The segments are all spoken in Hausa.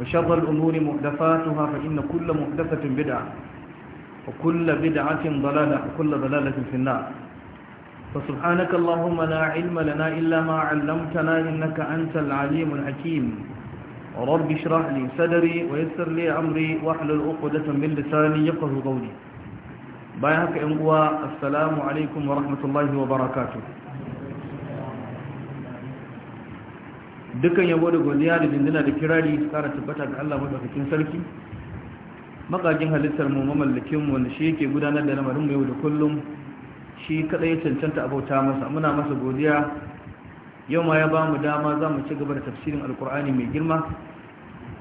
وشر الأمور محدثاتها فإن كل محدثة بدعة وكل بدعة ضلالة وكل ضلالة في النار فسبحانك اللهم لا علم لنا إلا ما علمتنا إنك أنت العليم الحكيم رب اشرح لي صدري ويسر لي أمري واحلل عقدة من لساني يقه قولي بايعك إن السلام عليكم ورحمة الله وبركاته dukan yabo da godiya da jinjina da kirari su kara tabbata ga Allah madaukakin sarki makajin halittar mu mamallakin mu wanda shi yake gudanar da lamarin mu yau da kullum shi ya cancanta abauta masa muna masa godiya yau ma ya ba mu dama za mu ci gaba da tafsirin alkur'ani mai girma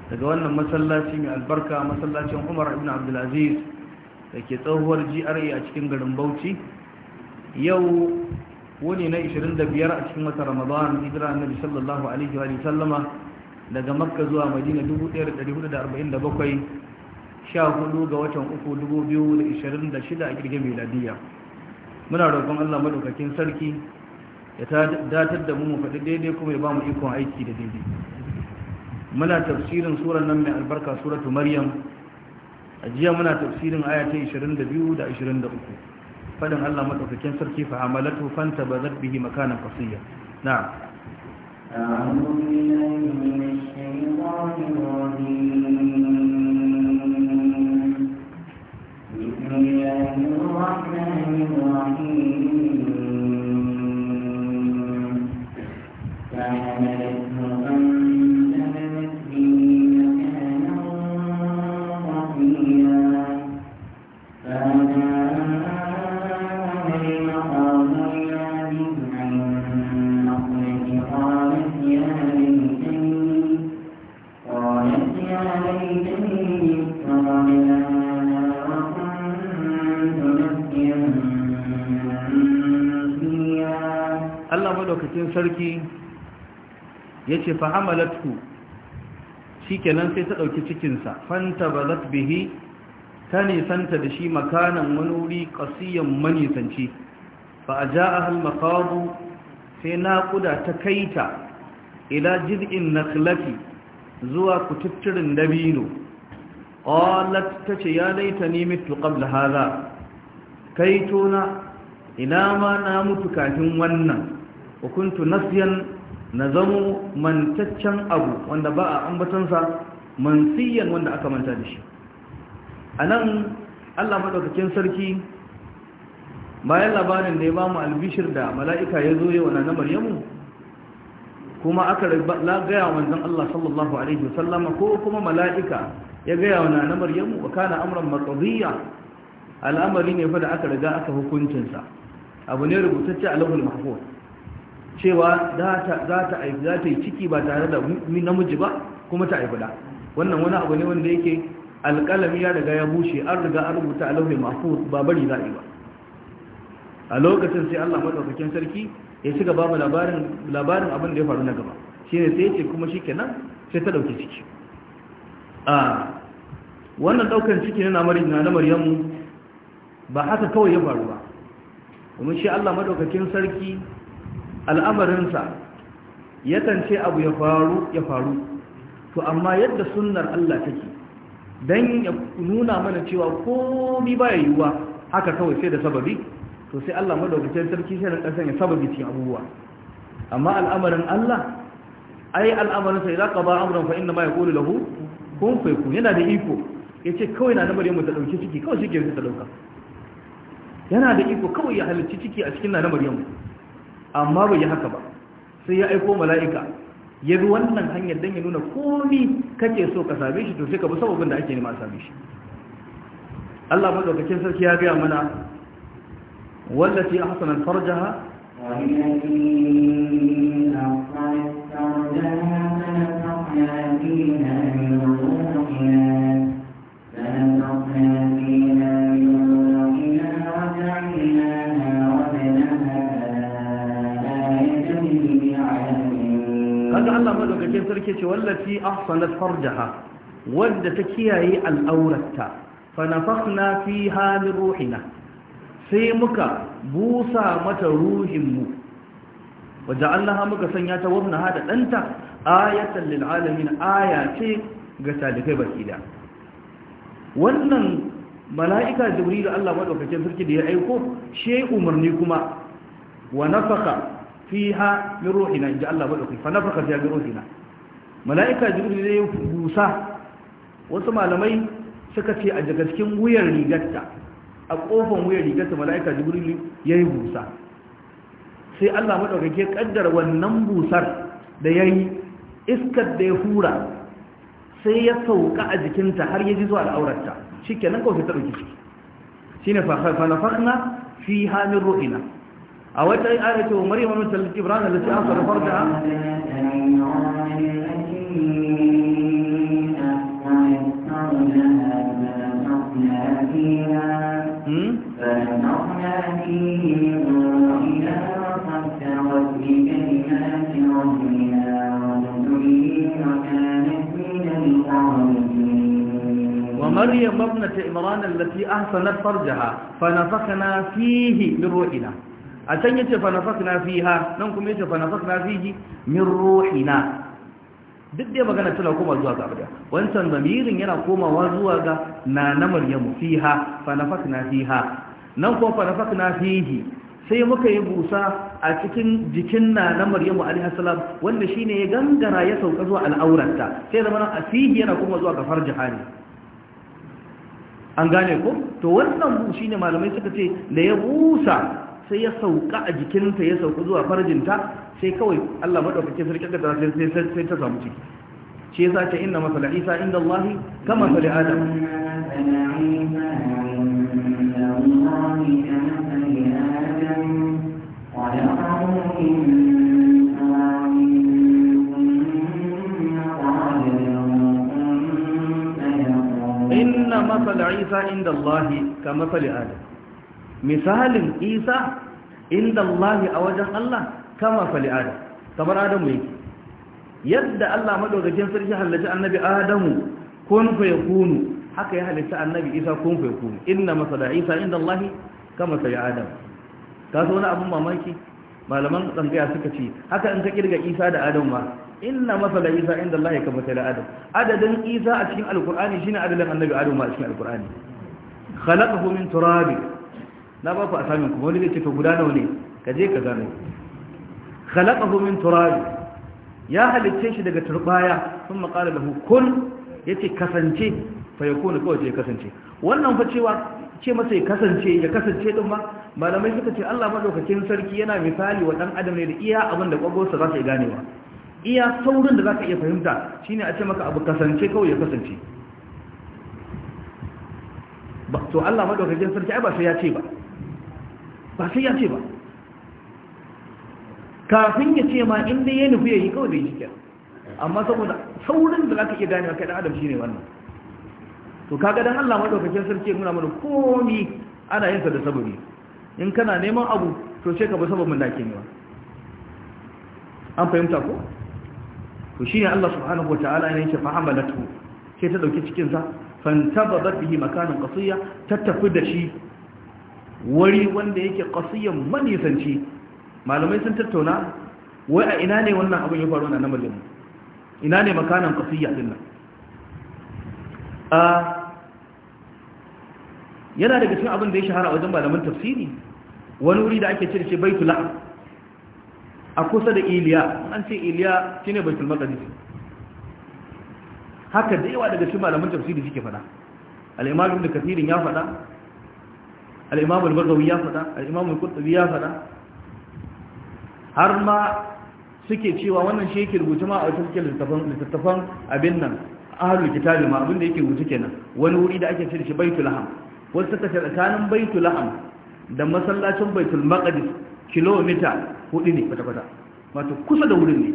daga wannan masallaci mai albarka masallacin umar ibn abdulaziz da ke tsohuwar gra a cikin garin bauchi yau wani na 25 a cikin wata ramadan hijira annabi sallallahu alaihi wa sallama daga makka zuwa madina 1447 14 ga watan 3226 a girgin miladiya muna roƙon allah maɗaukakin sarki ya datar da mu mu faɗi daidai kuma ya ba mu ikon aiki da daidai muna tafsirin surar nan mai albarka suratu maryam a jiya muna tafsirin aya ta 22 da 23 fadin Allah madaukakin sarki fa hamalatu fanta bazat bihi makanan qasiya na'am أعوذ بالله من Ya ce fa shi shikenan sai ta ɗauki cikin sa fanta bazat bihi ta nisanta da shi makanan wani wuri qasiyan manisanci fa ajaaha al-maqabu sai naquda ta kaita ila na nakhlati zuwa kututturin dabino ta tace ya laita ni mitu haza hadha kaitona ina ma na mutu kafin wannan hukuntu nasiyan na zamo mantaccen abu wanda ba a ambatansa mansiyan wanda aka manta da shi a nan allah maɗaukakin sarki bayan labarin da ya ba mu albishir da mala'ika ya zo yawa na maryamu kuma aka gaya wanzan Allah sallallahu Alaihi wasallama ko kuma mala'ika ya gaya wa na maryamu wa kana amuran matsariya al'amari ne fa da aka riga aka hukuncinsa abu ne rubutacce a lahul mahfuz cewa za ta yi ciki ba tare da namiji ba kuma ta haifi da wannan wani abu ne wanda yake alƙalami ya daga ya bushe an riga an rubuta a lauhin mafi ba bari za a yi ba a lokacin sai allah maɗaukakin sarki ya shiga babu labarin abin da ya faru na gaba shi ne sai yace ce kuma shi kenan sai ta ɗauki ciki a wannan ɗaukar ciki na na maryamu ba haka kawai ya faru ba kuma shi allah maɗaukakin sarki al'amarinsa yakan ce abu ya faru ya faru to amma yadda sunnar Allah take dan ya nuna mana cewa ba ya yiwuwa haka kawai sai da sababi to sai Allah madaukakin sarki sai ran kasan ya sababi ci abubuwa amma al'amarin Allah ai al'amarin sai zaka ba amran fa inna ma yaqulu lahu kun fa kun yana da iko yace kawai na namare mu ta dauke ciki kawai shi ke ta ɗauka. yana da iko kawai ya halicci ciki a cikin na namare mu amma bai yi haka ba sai ya aiko mala'ika ya bi wannan hanyar don ya nuna komi kake so ka same shi to sai ka bi sababin da ake nema a same shi Allah madaukakin sarki ya gaya mana wallati ahsanat farjaha wallati farjaha yake ce wallati ahsanat farjaha wadda ta kiyaye al'auratta fa na fiha ruhina sai muka busa mata ruhinmu Allah muka sanya ta wabna hada ɗanta ayatan lil alamin aya ce ga talibai baki da wannan mala'ika da Allah madaukakin sarki da ya aiko shi umarni kuma wa nafaka fiha min ruhina inda Allah madaukakin fa nafaka fiha min ruhina mala'ika jibril zai busa wasu malamai suka ce a daga cikin wuyar rigarta a kofan wuyar rigarta mala'ika jibril ya busa sai allah maɗaukake ƙaddar wannan busar da ya yi iskar da ya hura sai ya sauka a jikinta har ya ji zuwa al'aurarta shi kenan kawai ta ɗauki ciki shi ne fa fakna fi hamin ru'ina أو أي آية مريم مثل إبراهيم التي أصر فرجها ومريم ابنة إمران التي أحسنت فرجها فنفخنا فيه من روحنا a can yace fa nafakna fiha nan kuma yace fa nafakna fihi min ruhina duk dai magana tana koma zuwa ga abada wancan zamirin yana komawa zuwa ga na na maryamu fiha fa nafakna fiha nan kuma fa nafakna fihi sai muka yi busa a cikin jikin na na maryamu alaihi salam wanda shine ya gangara ya sauka zuwa al'auranta sai zama a asihi yana koma zuwa ga farjiha ne an gane ko to wannan shine malamai suka ce da ya busa sai ya sauka a jikinta ya sauka zuwa farjinta sai kawai Allah madaukakin sarki da sai sai ta samu ciki shi yasa ce inna masa isa inda Allah kama masala adam inna masala isa inda Allah kama masala adam misalin isa inda allahi a wajen allah kama fali adam kamar adamu yake yadda allah madaukakin sarki halarci annabi adamu kun fa kunu haka ya halarci annabi isa kun fa yakunu inna masala isa inda allahi kama fali adam ka so wani abun mamaki malaman tsangaya suka ce haka in ka kirga isa da adam ma inna masala isa inda allahi kama fali adam adadin isa a cikin alkur'ani shine adadin annabi adam ma a cikin alkur'ani khalaqahu min turabin na ba ku asamin kuma wani zai ce ka guda nawa ne ka je ka zane khalaqahu min turab ya halicce shi daga turbaya sun qala lahu kun yace kasance fa yakunu kawai ya kasance wannan fa cewa ce masa ya kasance ya kasance din ma malamai suka ce Allah madaukakin sarki yana misali wa dan adam ne da iya abin da kwagonsa za su yi ganewa. iya saurin da za ka iya fahimta shine a ce maka abu kasance kawai ya kasance to Allah madaukakin sarki ai ba sai ya ce ba ba sai ya ce ba kafin ya ce ma inda ya nufi ya yi kawai da yi cikin amma saboda saurin da za ka iya gani a kai adam shi ne wannan to kaga dan Allah madaukakin sarki nuna mana komi ana yin da sababi in kana neman abu to sai ka bi sababin da ake nema an fahimta ko to shine Allah subhanahu wataala ne yake fa'amalatu sai ta dauki cikin sa fantababat bihi makanan ta tattafi da shi wuri wanda yake qasiyan manisanci malamai sun tattauna wai a ina ne wannan abin ya faru na namalin ina ne makanan qasiyya din nan yana daga cikin abin da ya shahara wajen malaman tafsiri wani wuri da ake cire ce baitul tula, a kusa da iliya an ce iliya shine baitul maqdis haka da yawa daga cikin malaman tafsiri suke fada al-imam ibn ya fada al-imam al-barzawi ya faɗa al-imam al-qurtubi ya faɗa har ma suke cewa wannan shi yake rubuta ma a wata suke littattafan abin nan a ahlul kitabi ma abin da yake rubuta kenan wani wuri da ake cire shi baitul laham wasu suka ce tsakanin baitul laham da masallacin baitul maqdis kilomita hudu ne kwata-kwata wato kusa da wurin ne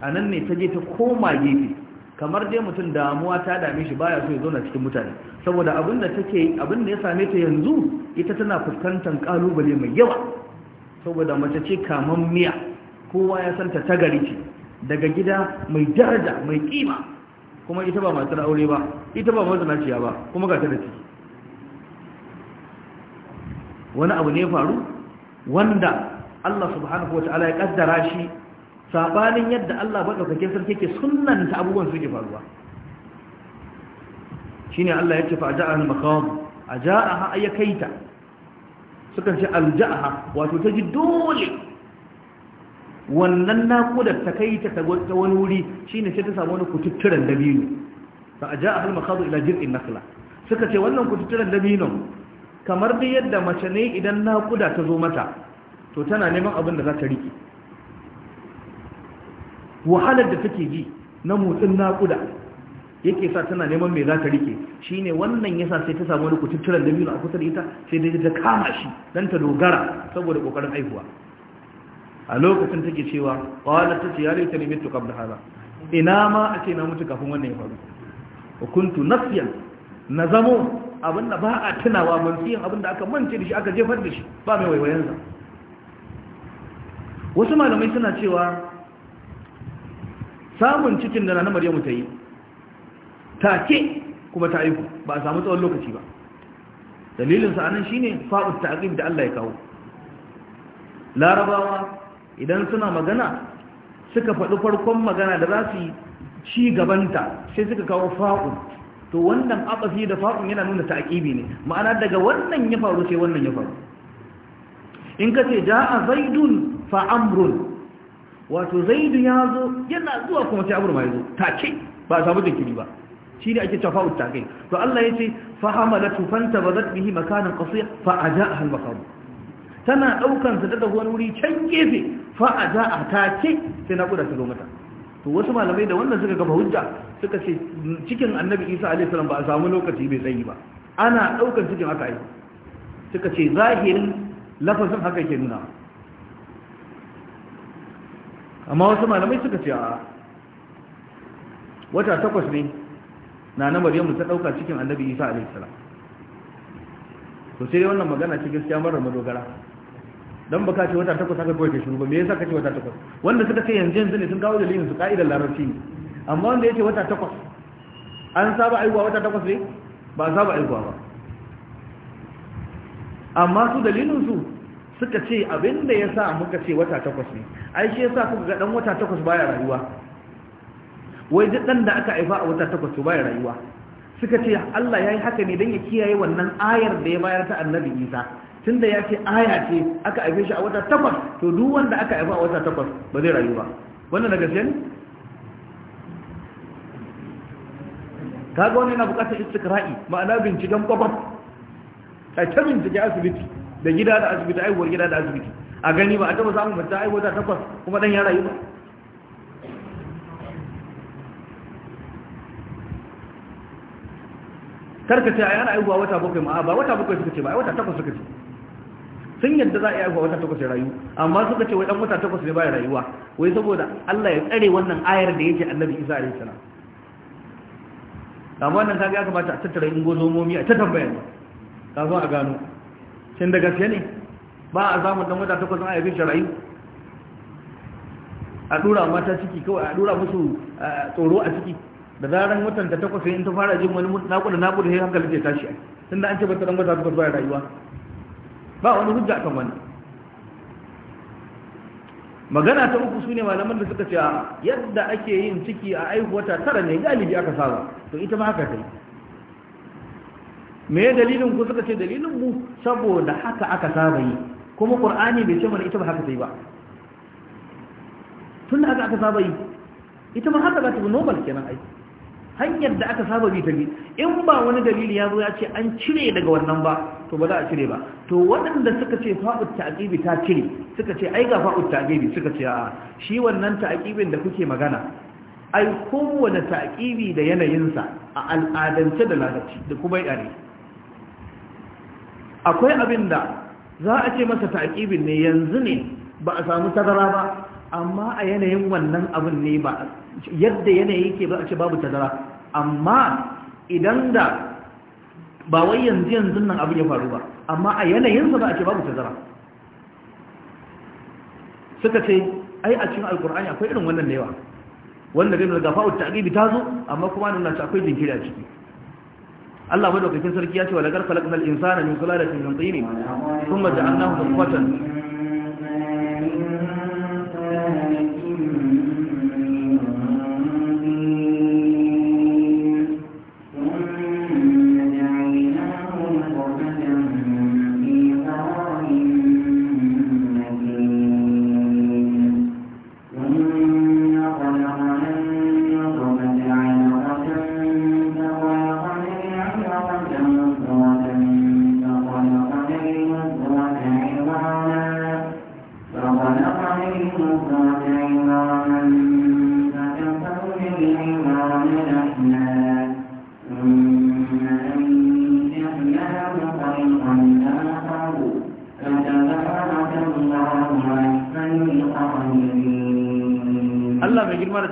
a nan ne ta je ta koma gefe kamar dai mutum damuwa ta dame shi baya so ya zauna cikin mutane saboda abin da take abin da ya same ta yanzu ita tana fuskantar kalubale mai yawa saboda mace ce kaman miya kowa ya san ta gari ce daga gida mai daraja mai kima kuma ita ba matar aure ba ita ba naciya ba kuma ga ta da wani abu ne faru wanda Allah subhanahu wa ta'ala ya kaddara shi sabanin yadda Allah madaukakin sarki sunan sunnanta abubuwan suke faruwa Shi ne Allah ya yake fa ja'a al-maqam ajaaha ayakaita suka ce alja'a wato ta ji dole wannan naƙudar ta kai ta ta wani wuri shi ne sai ta samu wani kututturen dabino fa ajaaha al-maqam ila jir'in nakhla suka ce wannan kututturen dabino kamar da yadda mace ne idan naƙuda ta zo mata to tana neman abin da za ta rike wahalar da take ji na motsin naƙuda yake sa tana neman mai za ta rike shine wannan yasa sai ta samu wani kututturan da biyu a kusa da ita sai dai ta kama shi dan ta dogara saboda kokarin haihuwa a lokacin take cewa qalat ta ce ya laita ni mitu da hada ina ma a ce na mutu kafin wannan ya faru wa kuntu nasiyan na zamo abinda ba a tunawa mansiyan abinda aka mance da shi aka jefar da shi ba mai waiwayen sa wasu malamai suna cewa samun cikin da na maryamu ta yi take kuma ta aiku ba a samu tsawon lokaci ba Dalilin sa'anin shi shine fa'ud ta'qib da Allah ya kawo larabawa idan suna magana suka faɗi farkon magana da za su yi ci gabanta sai suka kawo fa'ud to wannan aqafi da fa'ud yana nuna ta'qibi ne ma'ana daga wannan ya faru sai wannan ya faru in ka ce ja'a zaidun fa wato zaidu ya zo yana zuwa kuma sai amru ma ya zo take ba samu jinkiri ba shi ne ake tafawut take to Allah ya ce fa hamalatu fantabadat bihi makanan qasiya fa ajaaha al-maqam tana daukan sa da wani wuri can gefe fa ajaaha take sai na kuda ta zo mata to wasu malamai da wannan suka gaba hujja suka ce cikin annabi Isa alaihi salam ba a samu lokaci bai tsayi ba ana daukan cikin haka yi suka ce zahirin lafazin haka ke nuna amma wasu malamai suka ce a wata takwas ne na na maryamu ta dauka cikin annabi isa alaihi salam to sai wannan magana ce gaskiya marar madogara dan baka ce wata takwas aka ta shiru ba me yasa kace wata takwas wanda suka ce yanzu yanzu ne sun kawo dalilin su ka'idar larabci ne amma wanda yace wata takwas an saba aiwa wata takwas ne ba saba aiwa ba amma su dalilin su suka ce abinda ya sa muka ce wata takwas ne ai shi ya sa kuka ga dan wata takwas baya rayuwa wai duk dan da aka haifa a wata takwas to baya rayuwa suka ce Allah ya yi haka ne dan ya kiyaye wannan ayar da ya bayar ta annabi isa Tunda da ya ce aya ce aka haife shi a wata takwas to duk wanda aka haifa a wata takwas ba zai rayu ba wannan da gaske ne kaga wani yana bukatar istikra'i ma'ana binciken kwakwaf a ta bincike asibiti da gida da asibiti aihuwar gida da asibiti a gani ba a taba samun mata aihuwa ta takwas kuma dan ya rayu ba karka ce ai ana aihuwa wata bakwai ma ba wata bakwai suka ce ba ai wata takwas suka ce sun yadda za a yi aihuwa wata takwas ya rayu amma suka ce wai dan wata takwas ne ba ya rayuwa wai saboda Allah ya tsare wannan ayar da yake Annabi Isa alaihi salam amma wannan kaga ya kamata a tattara ingozomomi a ta tambayar zo a gano shin da gaske ne ba a samun dan wata takwas na aibin shara'i a dura mata ciki kawai a dura musu tsoro a ciki da zaran watan ta takwas in ta fara jin wani nakuda nakuda sai hankali ke tashi tun da an ce bata dan wata takwas ba rayuwa ba wani hujja kan wani magana ta uku sune malaman da suka ce yadda ake yin ciki a ta tara ne galibi aka saba to ita ma haka ta yi me dalilin ku suka ce dalilin mu saboda haka aka saba yi kuma qur'ani bai ce mana ita ba haka sai ba tun da haka aka saba yi ita ma haka za ta normal kenan ai hanyar da aka saba bi ta bi in ba wani dalili ya zo ya ce an cire daga wannan ba to ba za a cire ba to waɗanda suka ce fa'ud ta'qibi ta cire suka ce ai ga fa'ud ta'qibi suka ce a'a. shi wannan ta'qibin da kuke magana ai kowane ta'qibi da yanayinsa a al'adance da lalaci da kuma yare akwai abin da za a ce masa taƙibin ne yanzu ne ba a samu tazara ba amma a yanayin wannan abin ne ba yadda yanayi ke ba a ce babu tazara amma idan da ba wai yanzu yanzu nan abin ya faru ba amma a yanayinsa ba a ce babu tazara suka ce ai a cikin alkur'ani akwai irin wannan da yawa wanda zai daga fa'ul ta'qibi ta zo amma kuma nuna ta akwai jinkiri a ciki Allah madaukakin sarki ya ce wa lagar khalaqnal insana min sulalatin min tin thumma ja'alnahu nutfatan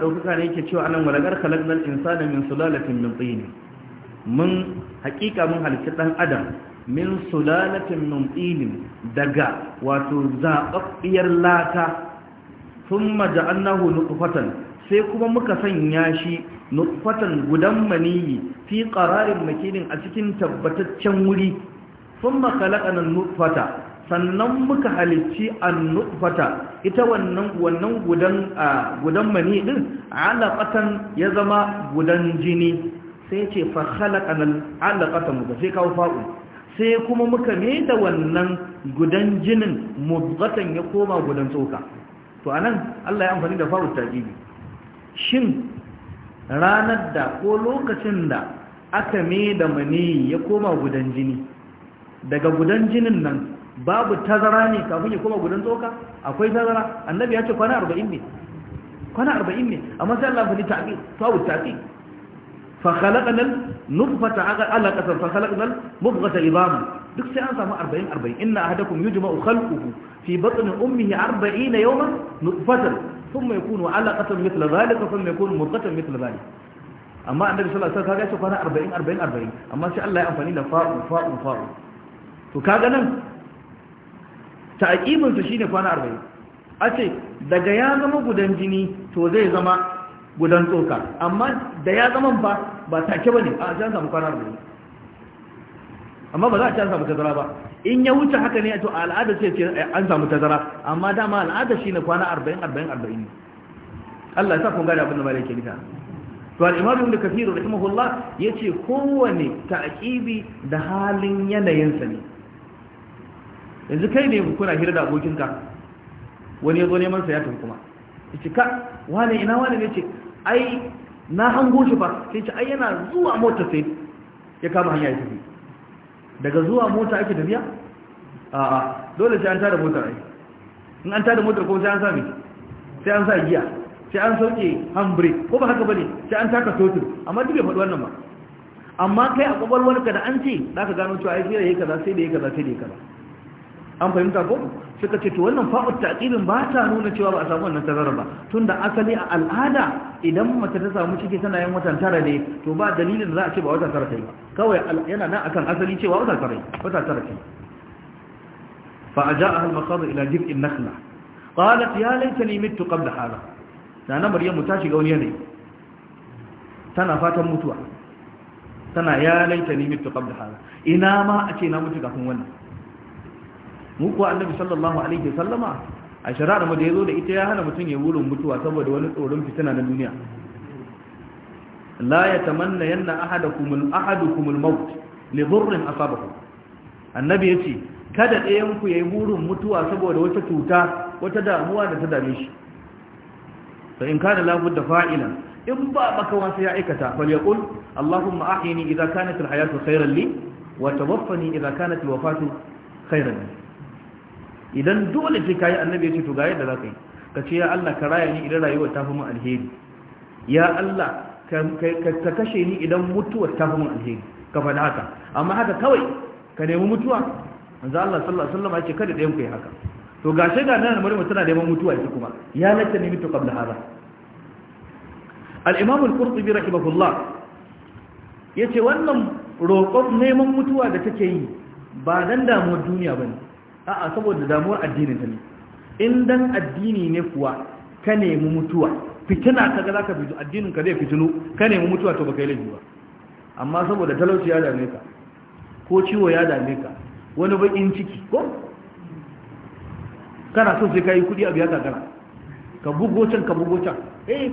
ɗaukaka ne yake cewa anan walagar khalaqnal insana min sulalatin min tsini? mun hakika mun halitta ɗan adam min sulalatin min tsini daga wato zababbiyar lata da ja'alnahu nutfatan sai kuma muka sanya shi nufatan gudan maniyi fi makinin a cikin tabbataccen wuri thumma khalaqana nutfata sannan muka halicci nu'fata ita wannan wannan gudan gudan mani din alaqatan ya zama gudan jini sai ce fa khalaqana alaqata muka sai kawo fa'u sai kuma muka ne da wannan gudan jinin mudghatan ya koma gudan tsoka to anan Allah ya amfani da fa'u tajibi shin ranar da ko lokacin da aka me da mani ya koma gudan jini daga gudan jinin nan babu tazara ne kafin ya koma gudan tsoka akwai tazara annabi ya ce kwana 40 ne kwana 40 ne amma sai Allah fili tawu ta'qi fa khalaqna nutfata alaqatan fa khalaqna mubghata idaman duk sai an samu 40 40 inna ahadakum yujma'u khalquhu fi batni ummihi 40 yawman nutfatan thumma yakunu alaqatan mithla dhalika thumma yakunu mubghatan mithla dhalika amma annabi sallallahu alaihi wasallam kaga shi kwana 40 40 40 amma sai Allah ya amfani da fa'u fa'u fa'u to kaga nan ta'qibin su shine kwana 40 ace daga ya zama gudan jini to zai zama gudan tsoka amma da ya zama ba ba take bane a jan samu kwana 40 amma ba za a can samu tazara ba in ya wuce haka ne to al'ada ce an samu tazara amma dama al'ada shine kwana 40 40 40 Allah ya sa kun gane abin da malaka nika to al-imam ibn kathir rahimahullah yace kowane ta'kibi da halin yanayinsa ne yanzu kai ne kuna hira da abokinka wani ya zo neman sa ya tafi kuma ce ka wane ina wane ne ce ai na hango shi ba sai ce ai yana zuwa mota sai ya kama hanya ya tafi daga zuwa mota ake tafiya a'a dole sai an tada mota ai in an tada motar ko sai an sami sai an sa giya sai an sauke handbrake ko ba haka bane sai an taka totur amma duk bai faɗi wannan ba amma kai a kwakwalwarka da an ce za ka gano cewa ai sai da ya kaza sai da ya kaza sai da ya kaza an fahimta ko suka ce to wannan fa'ut ta'qibin ba ta nuna cewa ba a samu wannan tazara ba tunda asali a al'ada idan mace ta samu ciki tana yin watan tara ne to ba dalilin da za a ce ba wata tara ta yi kawai yana nan akan asali cewa wata tara wata tara ta yi fa aja'aha al-maqad ila jib'in nakhla qalat ya laitani mittu qabla hadha nana maryamu ta shiga wani yanayi tana fatan mutuwa tana ya laitani mittu qabla hadha ina ma a ce na mutu kafin wannan mu kuwa annabi sallallahu alaihi wasallama a shari'ar mu da yazo da ita ya hana mutum ya wurin mutuwa saboda wani tsoron fitina na duniya la yatamanna yanna ahadakum ahadukum al-maut li dhurrin asabahu annabi yace kada ɗayan ku yayi burin mutuwa saboda wata cuta wata damuwa da ta dame shi fa in kana la budda fa'ilan in ba baka wasa ya aikata fal yaqul allahumma ahyini idha kanat al-hayatu khayran li wa tawaffani idha kanat al-wafatu khayran li idan dole ce kayi annabi ya ce to ga yadda za ka yi ka ce ya Allah ka raya ni idan rayuwar ta fi mun alheri ya Allah ka kashe ni idan mutuwar ta fi mun alheri ka faɗi haka amma haka kawai ka nemi mutuwa manzo Allah sallallahu alaihi wasallam ya ce kada ɗayan ku yi haka to gashi ga nan Maryam tana neman mutuwa ita kuma ya latta ni mutu qabla hada al-Imam al-Qurtubi rahimahullah yace wannan roƙon neman mutuwa da take yi ba dan damuwar duniya bane a'a saboda damuwar addinin ta ne in dan addini ne kuwa ka nemi mutuwa fitina ka ga zaka fito addinin ka zai fitino ka nemi mutuwa to baka yi laifi ba amma saboda talauci ya dame ka ko ciwo ya dame ka wani bakin ciki ko kana so sai kai kudi abu ka gagara ka bugo can ka bugo can eh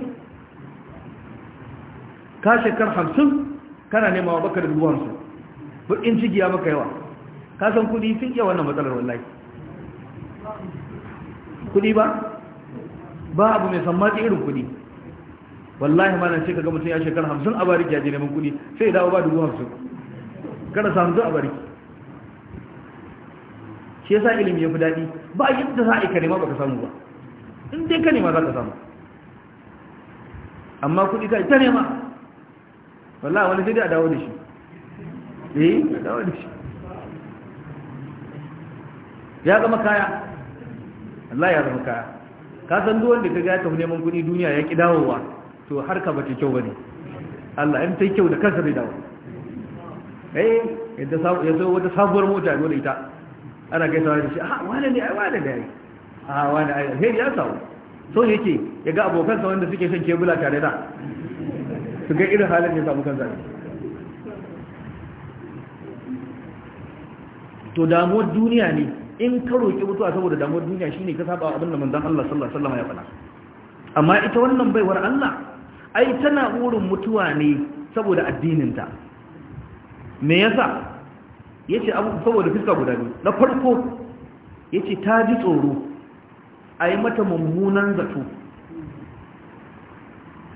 ka shekar 50 kana nemawa baka da dubu 50 bakin ciki ya maka yawa ka san kudi sun iya wannan matsalar wallahi kudi ba ba abu mai sammati irin kudi wallahi ma nan sai kaga mutum ya shekara hamsin a bariki ya je neman kudi sai ya dawo ba dubu hamsin kada sa hamsin a bariki shi yasa ilimi ya fi daɗi ba yadda za a yi ka nema ba ka samu ba in dai ka nema za ka samu amma kudi ka ita nema wallahi wani sai dai a dawo da shi eh a dawo da shi ya zama kaya Allah ya zama kaya ka san duk wanda kaga ya ta neman kuɗi duniya ya ki dawowa to har ka bace kyau bane Allah in ta kyau da kansa bai dawo eh sa ya zo wata sabuwar mota dole da ita ana kai da shi a wani ne ai wani ne a wani ai He ya samu so yake ya ga abokansa wanda suke shan kebula tare da su ga irin halin da ya samu kansa to damuwar duniya ne in ka roƙi mutuwa saboda damuwar duniya shine ka saba abin da manzon Allah sallallahu alaihi wasallam ya faɗa amma ita wannan baiwar Allah ai tana burin mutuwa ne saboda addininta me yasa yace abu saboda fiska guda biyu na farko yace ta ji tsoro ai mata mummunan zato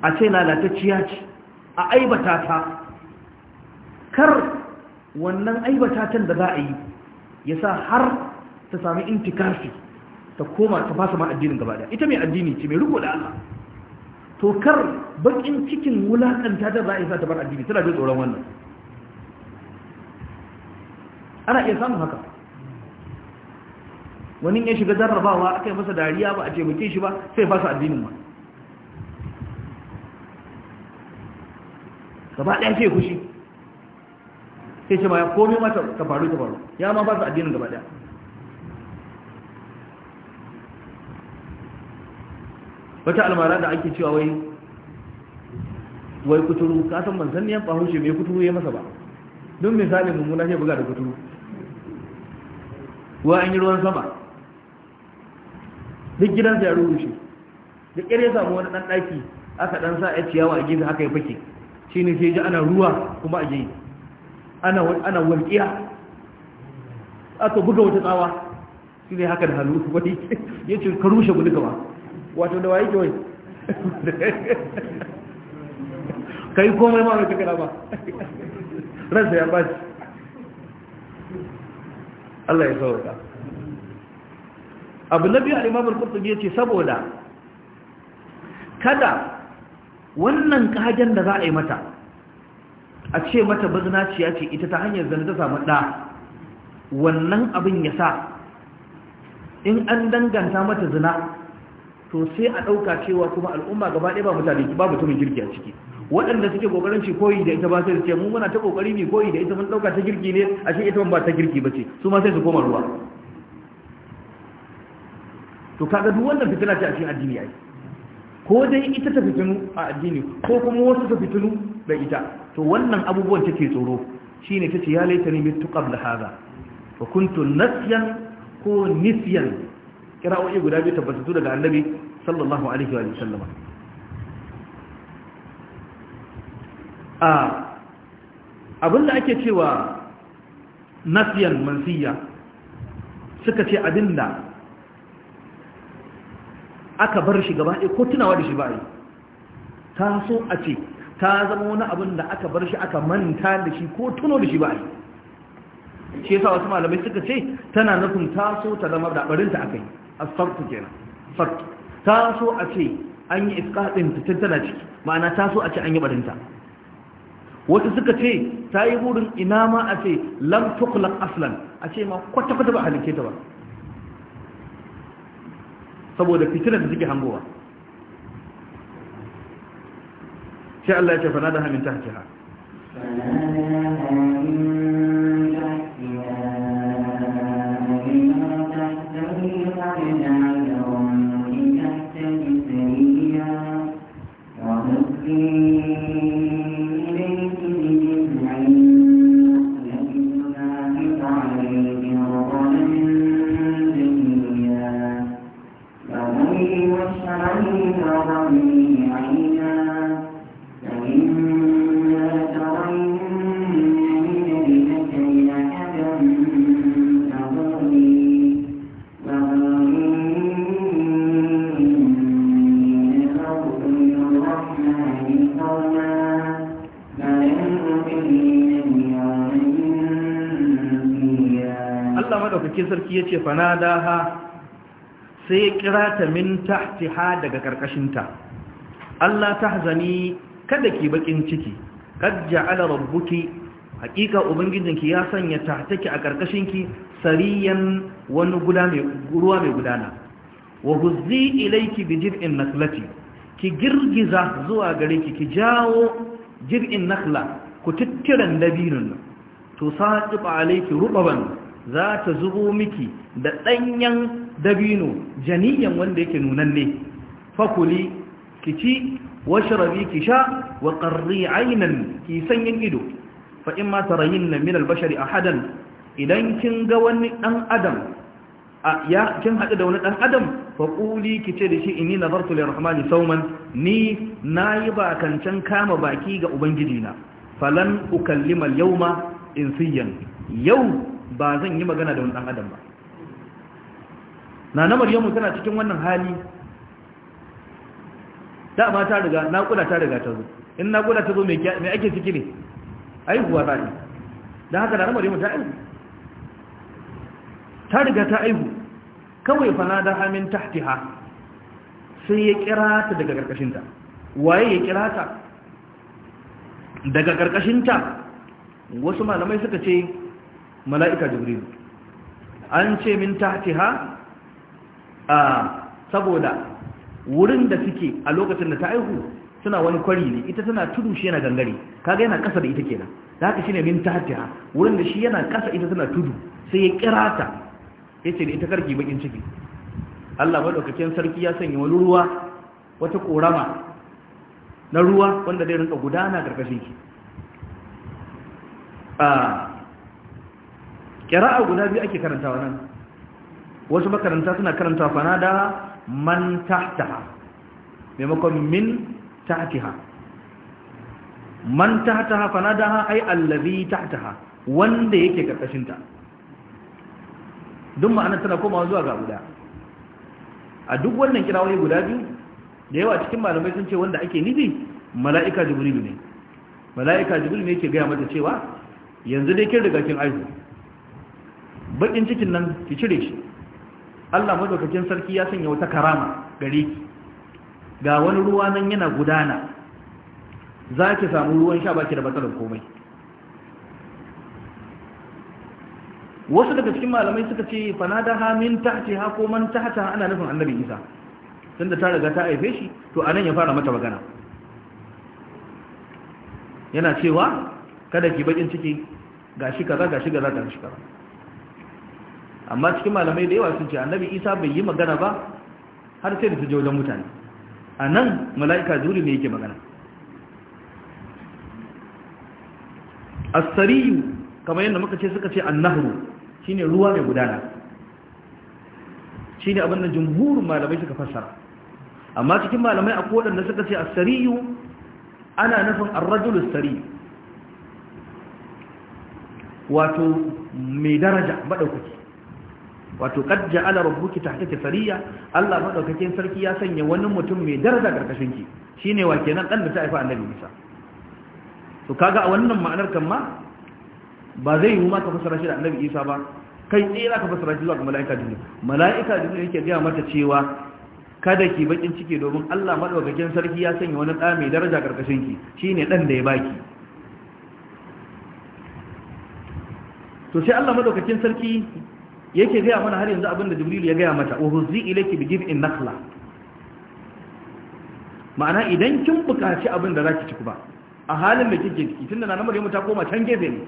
a ce lalatacciya ce a aibata ta kar wannan aibata da za a yi yasa har ta sami intikafi ta koma ta fasa ma addinin gaba daya ita mai addini ce mai riko da Allah to kar bakin cikin wulakanta da za'a isa ta bar addini tana jin tsoron wannan ana iya samun haka wani ya shiga jarrabawa aka yi masa dariya ba a ce taimake shi ba sai fasa addinin ma gaba ɗaya sai kushi sai ce ma ya komi mata ka faru ta faru ya ma fasa addinin gaba ɗaya wata almara da ake cewa wai wai kuturu ka san ban san niyan shi mai kuturu ya masa ba don misali mummuna ce buga da kuturu wa an yi ruwan sama duk gidan ya shi, da ƙyar ya samu wani ɗan ɗaki aka ɗan sa ya ciyawa a gefe haka ya fake shi ne sai ji ana ruwa kuma a je, ana walƙiya aka buga wata tsawa shi ne haka da hannu wani ya ce ka rushe gudu gaba wato da waye kawai kai komai ma mai tukana ba ransa ya shi Allah ya sauka abu na biyu al'imamar kurtubi ya ce saboda kada wannan kagen da za a yi mata a ce mata bazinaciya ce ita ta hanyar zane ta samu ɗa wannan abin ya sa in an danganta mata zina to sai a ɗauka cewa kuma al'umma gaba ɗaya ba mutane ba mutumin girki a ciki waɗanda suke kokarin ci koyi da ita ba sai ce mu muna ta kokari ne koyi da ita mun ɗauka ta girki ne a shi ita ba ta girki ba ce su ma sai su koma ruwa to kaga duk wannan fitina ce a cikin addini ai ko dai ita ta fitinu a addini ko kuma wasu ta fitinu da ita to wannan abubuwan take tsoro shine tace ya laita ni mitu qabla hada fa kuntu nasyan ko nisyan kira'o'i guda biyu tabbatattu daga annabi sallallahu alaihi wa sallam a abinda ake cewa nasiyan mansiya suka ce abinda aka bar shi gaba ko tunawa da shi ba yi ta so a ce ta zama wani abin da aka bar shi aka manta da shi ko tuno da shi ba yi shi yasa wasu malamai suka ce tana nufin ta so ta zama da barinta akai asfartu kenan fartu ta so a ce an yi iskaɗin ta tana ciki ma'ana ta so a ce an yi barinta wasu suka ce ta yi burin ina ma a ce lam tukulan aslan a ce ma kwata-kwata ba halice ta ba saboda fitinar da suke hangowa sai Allah ya ce fana da hamin ta haƙi ha Thank you. الْمُتَّقِينَ fanadaha sai ya kira ta min tahtiha daga karkashinta Allah tahzani kada ki bakin ciki kad ja'ala rabbuki haqiqa ubangijinki ya sanya tahtaki a karkashinki sariyan wani guda mai ruwa mai gudana wa huzzi ilayki bi jid'in naklati ki girgiza zuwa gare ki ki jawo jid'in nakla ku tittiran dabinun to saqiba alayki rubaban za ta zubo miki da ɗanyen dabino janiyan wanda yake nunanne fakuli ki ci Rabi ki sha wa qarri aynan ki sanyin ido fa in ma tarayinna min al-bashari hadan. idan kin ga wani ɗan adam ya kin hadu da wani dan adam fa ki ce da shi inni nazartu lirrahmani sawman ni yi bakancan kama baki ga ubangiji na falan ukallima al in insiyan yau ba zan yi magana da wani ɗan adam ba na na maryamu tana cikin wannan hali ma ta riga naƙuda ta riga ta zo in naƙuda ta zo mai ake ciki ne aihuwa ta ne don haka na na maryamu ta aihu ta riga ta aihu kawai fana da hamin tahtiha sai ya kira ta daga ƙarƙashinta waye ya kira ta daga ƙarƙashinta wasu malamai suka ce mala'ika jibril an ce min tahtiha a saboda wurin da suke a lokacin da ta aihu suna wani kwari ne ita tana tudu shi yana gangare kaga yana kasa da ita kenan da haka shine min tahtiha wurin da shi yana kasa ita tana tudu sai ya kira ta yace da ita karki bakin ciki Allah madaukakin sarki ya sanya wani ruwa wata korama na ruwa wanda zai rinka gudana karkashin ki a kira'a guda biyu ake karantawa nan wasu makaranta suna karanta fana da man tahtaha maimakon min tahtiha man tahtaha fana da ha ai allazi tahtaha wanda yake karkashinta duk ma'anar tana komawa zuwa ga guda a duk wannan kirawoyi guda biyu da yawa cikin malamai sun ce wanda ake nufi mala'ika jibril ne mala'ika jibril ne yake gaya mata cewa yanzu dai kin riga kin aihu bakin cikin nan ki cire shi Allah madaukakin sarki ya sanya wata karama gare ki ga wani ruwa nan yana gudana za ki samu ruwan sha baki da matsalar komai wasu daga cikin malamai suka ce fanada ha min tahti ha ko man tahta ana nufin annabi Isa tunda ta riga ta haife shi to anan ya fara mata magana yana cewa kada ki bakin ciki gashi kaza gashi kaza shi kaza amma cikin malamai da yawa sun ce annabi isa bai yi magana ba har sai da su je wajen mutane a nan mala'ika zuri ne yake magana asariyu kamar yadda muka ce suka ce annahru shine ruwa mai gudana shine abin da jumhurin malamai suka fassara amma cikin malamai a kodan da suka ce asariyu ana nufin ar-rajulu asari wato mai daraja madaukaki wato kad ja'ala rabbuki tahtaki sariya Allah madaukakin sarki ya sanya wani mutum mai daraja karkashin ki shine wa kenan dan da ta haifa annabi Isa to kaga a wannan ma'anar kan ma ba zai yi ma ka fasara shi da annabi Isa ba kai tsaye za ka fasara shi zuwa ga mala'ika jibril mala'ika jibril yake ga mata cewa kada ki bakin ciki domin Allah madaukakin sarki ya sanya wani da mai daraja karkashin ki shine dan da ya baki to sai Allah madaukakin sarki yake gaya mana har yanzu abinda jibril ya gaya mata uhuzi ilayki bi jib'in nakhla ma'ana idan kin bukaci abin da zaki ci ku ba a halin da kike ciki tunda nan Maryamu ta koma can gefe ne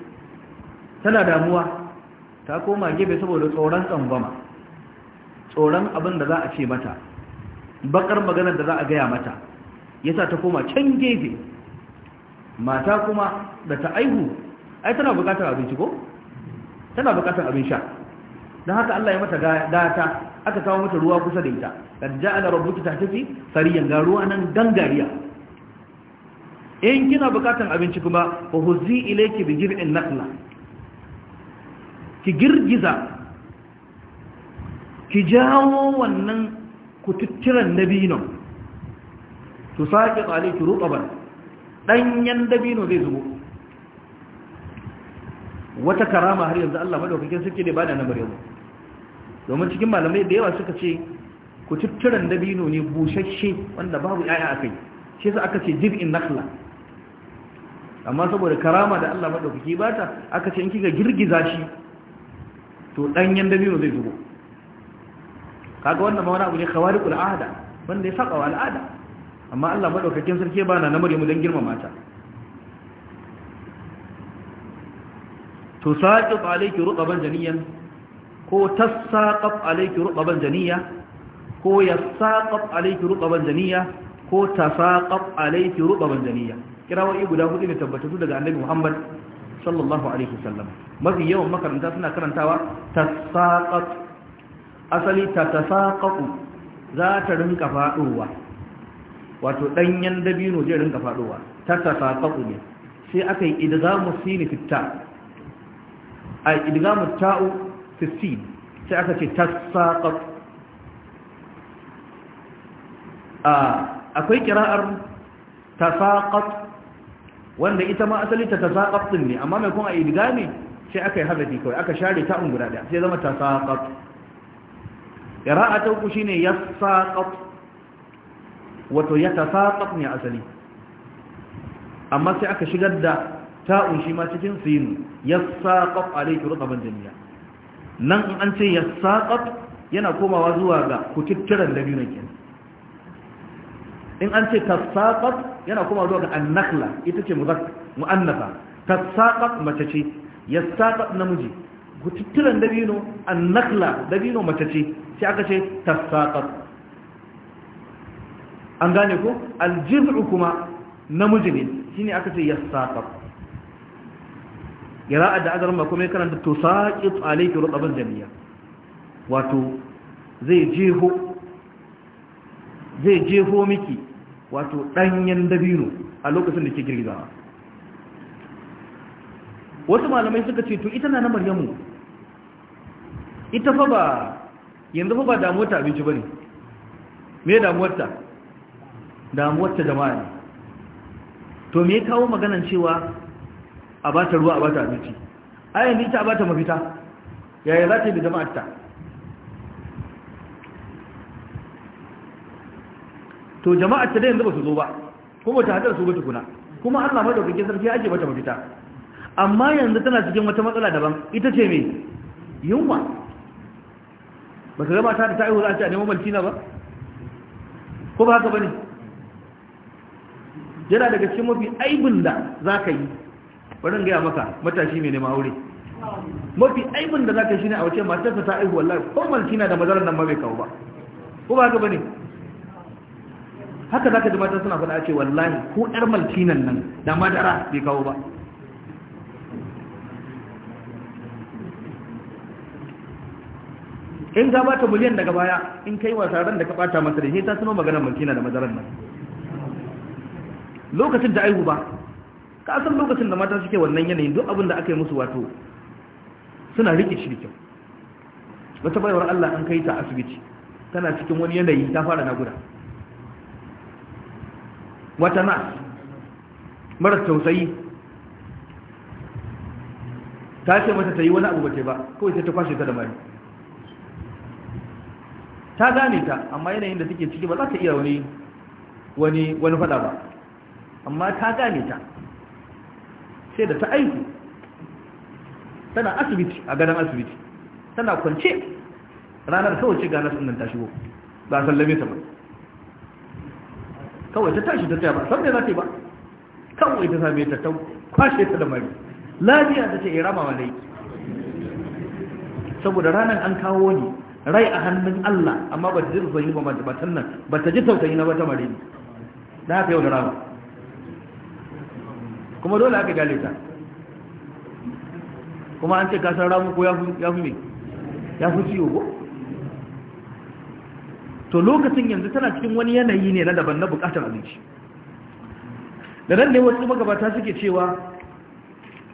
tana damuwa ta koma gefe saboda tsoron tsambama, tsoron abin da za a ce mata bakar maganar da za a gaya mata yasa ta koma can gefe mata kuma da ta aihu ai tana bukatar abinci ko tana bukatar abin sha don haka Allah ya mata gata aka kawo mata ruwa kusa da ita kan ja'ala rabbuki tafi sariyan ga ruwa nan gangariya in kina bukatan abinci kuma fa huzi ilayki bi jir'in nakla ki girgiza ki jawo wannan kututturan dabino to saki alayki ruqaban danyen dabino zai zubo wata karama har yanzu Allah madaukakin suke ne bada na Maryam domin cikin malamai da yawa suka ce ku tutturan dabino ne bushashe wanda babu yaya a kai shi sa aka ce jir'in nakhla amma saboda karama da Allah ba bata aka ce in kika girgiza shi to ɗanyen dabino zai zubo kaga wannan ma wani abu ne khawariqul al'ada, wanda ya saka wa al'ada amma Allah maɗaukakin sarki ba na namare mu dan girma mata to saqit alayki ban janiyan ko tasaqaf alayki ruqaban janiya ko yasaqaf alayki ruqaban janiya ko tasaqaf alayki ruqaban janiya kirawoyi guda hudu ne tabbatattu daga annabi Muhammad sallallahu alaihi wasallam mafi yawan makaranta suna karantawa tasaqaf asali tatasaqafu za ta rinka faduwa wato danyen dabino zai rinka faduwa tatasaqafu ne sai aka yi idgamu sin fitta ai idgamu ta'u 15 sai aka ce tasaqat akwai kira'ar tasaqat wanda ita ma asali ta tasaqat amma mai kuma idgami sai aka yi hadafi kawai aka share ta ungura da sai zama tasaqat qira'a ta uku shine yasaqat wato yatasaqat ne asali amma sai aka shigar da ta'un shi ma cikin sin yasaqat alayki rutban nan in an ce ya saƙat yana komawa zuwa ga kututturan da ke in an ce ta saƙat yana komawa zuwa ga annakla ita ce mu'annafa saƙat mace ce ya saƙat namiji kututturen dabino annakla dabino mace ce sai aka ce ta saƙat an gane ku, aljiz'u kuma namiji ne shine aka ce ya saƙat qira'a da azar ma kuma ya karanta to saqit alayki rutaban jamia wato zai jeho zai jeho miki wato danyen dabino a lokacin da ke girgizawa wasu malamai suka ce to ita na na maryamu ita fa ba yanzu fa ba damuwar ta abinci bane me damuwarta? ta damuwar ta jama'a ne to me kawo maganan cewa a ba ta ruwa a ba ta abinci a yanzu ita a ba ta mafita yaya za ta yi da jama'ar ta to jama'ar ta da yanzu ba su zo ba kuma ta hadar su ba tukuna kuma Allah madaukakin sarki ya ake bata mafita amma yanzu tana cikin wata matsala daban ita ce me yunwa ba ka gama ta da ta'ihu za a ce a neman ba ko ba haka ba ne yana daga cikin mafi aibin da za ka yi bari gaya maka matashi mai nema aure mafi aibin da shi ne a wace matar ta aihu wallahi ko malki na da mazarar nan ba bai kawo ba ko ba haka bane haka za ka ji matar suna faɗa ce wallahi ko yar malkinan nan da madara bai kawo ba in ka bata miliyan daga baya in kai wasa ran da ka bata masa da ta suna maganar na da mazarar nan lokacin ta aihu ba ka san lokacin da mata suke wannan yanayin duk abin da aka yi musu wato suna rike shi da kyau wata bayawar Allah an kai ta asibiti tana cikin wani yanayi ta fara naguda wata nas marar tausayi ta ce mata ta yi wani abu bace ba kawai sai ta kwashe ta da mari ta gane ta amma yanayin da take ciki ba za ta iya wani wani wani fada ba amma ta gane ta sai da ta aiki tana asibiti a gadon asibiti tana kwance ranar kawai ce gane sunan ta shigo ba sallame ta ba kawai ta tashi ta tsaya ba san da za ta ba kawai ta same ta ta kwashe ta da mari lafiya ta ce irama eh, wa dai saboda ranar an kawo ni rai a hannun Allah amma ba ta ji yi ba ba ta ji tausayi na wata mare ne da haka yau da rama kuma dole aka gyale ta kuma an ce kasar ramu ko ya fi ne ya fi ciwo ko to lokacin yanzu tana cikin wani yanayi ne na daban na bukatar abinci da nan ne wasu magabata suke cewa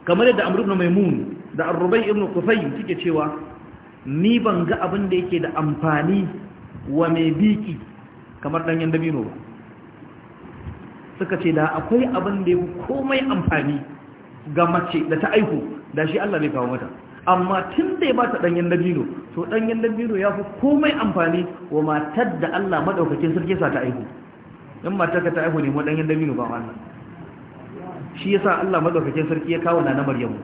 kamar yadda amur mai maimun da arrubai irin kufai suke cewa ni ban ga abin da yake da amfani wa mai biki kamar ɗanyen dabino ba suka ce da akwai abin da ya komai amfani ga mace da ta aihu da shi Allah bai kawo mata amma tun da ya ba ta ɗanyen dabino to ɗanyen dabino ya fi komai amfani wa matar da Allah madaukakin sarki sa ta aihu in matar ka ta aihu ne ma ɗanyen dabino ba wannan shi yasa Allah madaukakin sarki ya kawo na Maryamu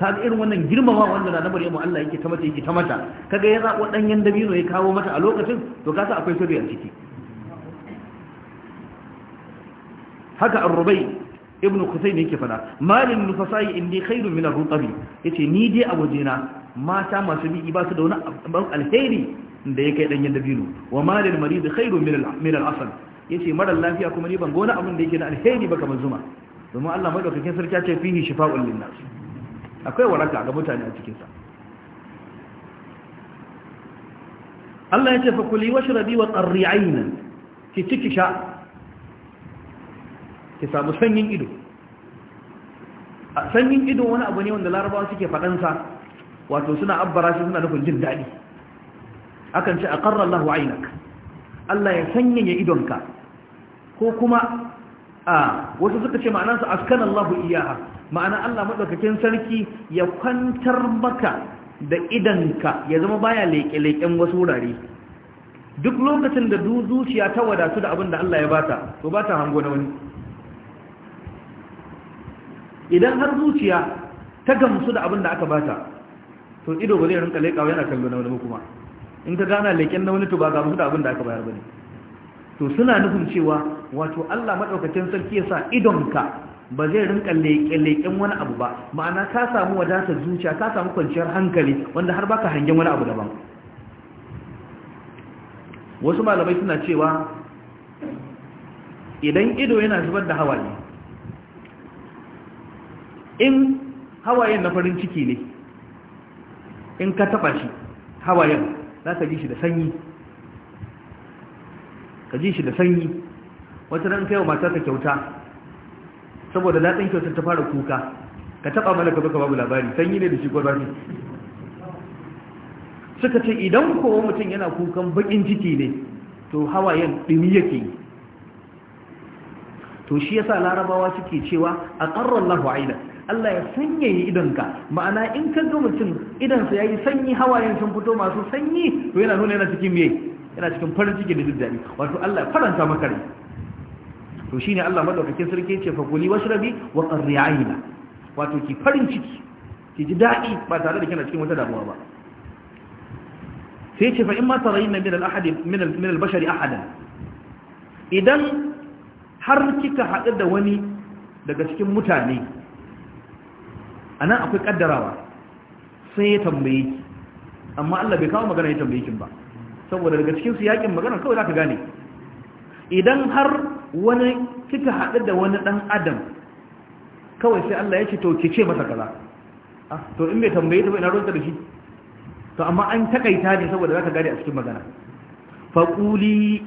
ga irin wannan girmama wanda na Maryamu Allah yake ta mata yake ta mata kaga ya wa ɗanyen dabino ya kawo mata a lokacin to kasa akwai sirri a ciki haka ar ibn kusayn yake fada malin nufasai inni khairun min ar yace ni dai a na mata masu bi ba su da wani abban alheri da yake danyen dabino wa malin marid khairun min min al-asal yace mara lafiya kuma ni ban ga wani da yake da alheri ba kamar zuma domin Allah madaukakin sarki ya ce fihi shifa'un lin-nas akwai waraka ga mutane a cikin sa Allah ya ce fa kuli washrabi wa qarri'ayna ki ciki sha ki samu sanyin ido a sanyin ido wani abu ne wanda larabawa suke faɗansa wato suna abbara shi suna nufin jin daɗi akan ce a ƙarar lahu ainak Allah ya sanyaya idonka ko kuma a wasu suka ce ma'anansa askan lahu iyaha ma'ana Allah maɗaukakin sarki ya kwantar maka da idanka ya zama baya leke-leken wasu wurare duk lokacin da zuciya ta wadatu da abin da Allah ya bata to bata hango na wani idan har zuciya ta gamsu da abin da aka bata to ido ba zai rinka leƙawa yana kallo na wani kuma in ka gana leƙen na wani to ba gamsu da abin da aka bayar ba ne to suna nufin cewa wato Allah maɗaukacin sarki ya sa idonka ba zai rinka leƙen wani abu ba ma'ana ka samu wadatar zuciya ka samu kwanciyar hankali wanda har baka hangen wani abu daban wasu malamai suna cewa idan ido yana zubar da hawa hawaye in hawayen na farin ciki ne in ka taba shi hawayen za ka ji shi da sanyi ka ji shi da sanyi wata ran kai wa matarka kyauta saboda daɗin kyauta ta fara kuka ka taba mana ka baka babu labari sanyi ne da shi kwarba ne suka ce idan kowa mutum yana kukan bakin ciki ne to hawayen dumi yake yi to shi yasa larabawa suke cewa a ƙarrar lahu aina Allah ya sanyaye idonka ma'ana in ka zo mutum idonsa yi sanyi hawayen sun fito masu sanyi to yana nuna yana cikin meye yana cikin farin ciki da duk daɗi wato Allah ya faranta maka rai to shine Allah madaukakin sarki ce kuli washrabi wa qarri ayna wato ki farin ciki ki ji daɗi ba tare da kina cikin wata damuwa ba sai ce fa in ma tarayna min al-ahad min min al-bashari ahadan idan har kika haɗu da wani daga cikin mutane a nan akwai kaddarawa sai ya tambaye ki amma Allah bai kawo magana ya tambaye kin ba saboda daga cikin su yakin magana kawai zaka gane idan har wani kika haɗu da wani ɗan adam kawai sai Allah ya ce to ki ce masa kaza ah, to in bai tambaye ta ba na ruwanta da shi to amma an takaita ne saboda zaka gane a cikin magana faƙuli